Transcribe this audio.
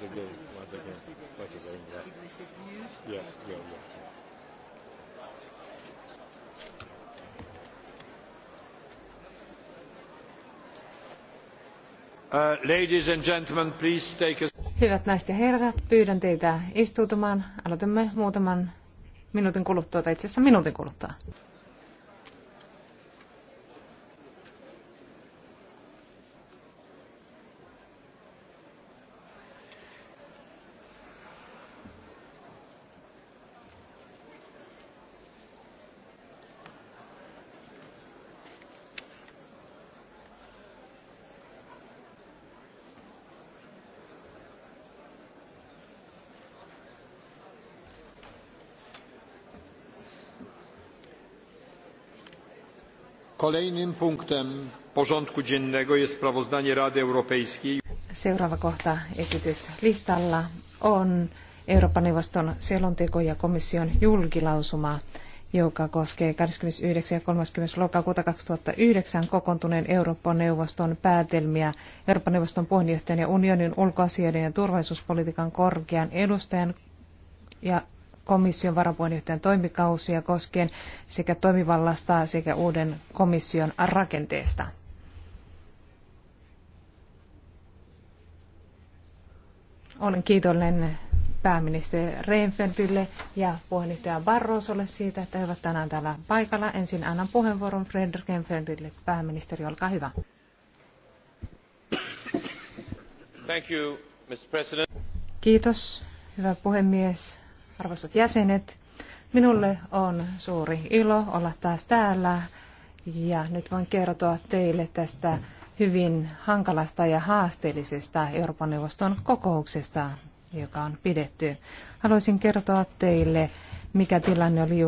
lots of good, lots of good, lots of good. yeah. Yeah, yeah, yeah. Uh, ladies and gentlemen, please take a... Hyvät naiset ja herrat, pyydän teitä istuutumaan. Aloitamme muutaman minuutin kuluttua, tai itse asiassa minuutin kuluttua. Kolejnym punktem porządku dziennego jest sprawozdanie Rady Europejskiej. Seuraava kohta esityslistalla on Euroopan neuvoston selonteko ja komission julkilausuma, joka koskee 29. ja 30. lokakuuta 2009 kokoontuneen Euroopan neuvoston päätelmiä Euroopan neuvoston puheenjohtajan ja unionin ulkoasioiden ja turvallisuuspolitiikan korkean edustajan ja komission varapuheenjohtajan toimikausia koskien sekä toimivallasta sekä uuden komission rakenteesta. Olen kiitollinen pääministeri Reinfeldtille ja puheenjohtaja Barrosolle siitä, että he ovat tänään täällä paikalla. Ensin annan puheenvuoron Fredrik Reinfeldtille. Pääministeri, olkaa hyvä. Thank you, Mr. President. Kiitos, hyvä puhemies, arvoisat jäsenet. Minulle on suuri ilo olla taas täällä ja nyt voin kertoa teille tästä hyvin hankalasta ja haasteellisesta Euroopan neuvoston kokouksesta, joka on pidetty. Haluaisin kertoa teille, mikä tilanne oli juuri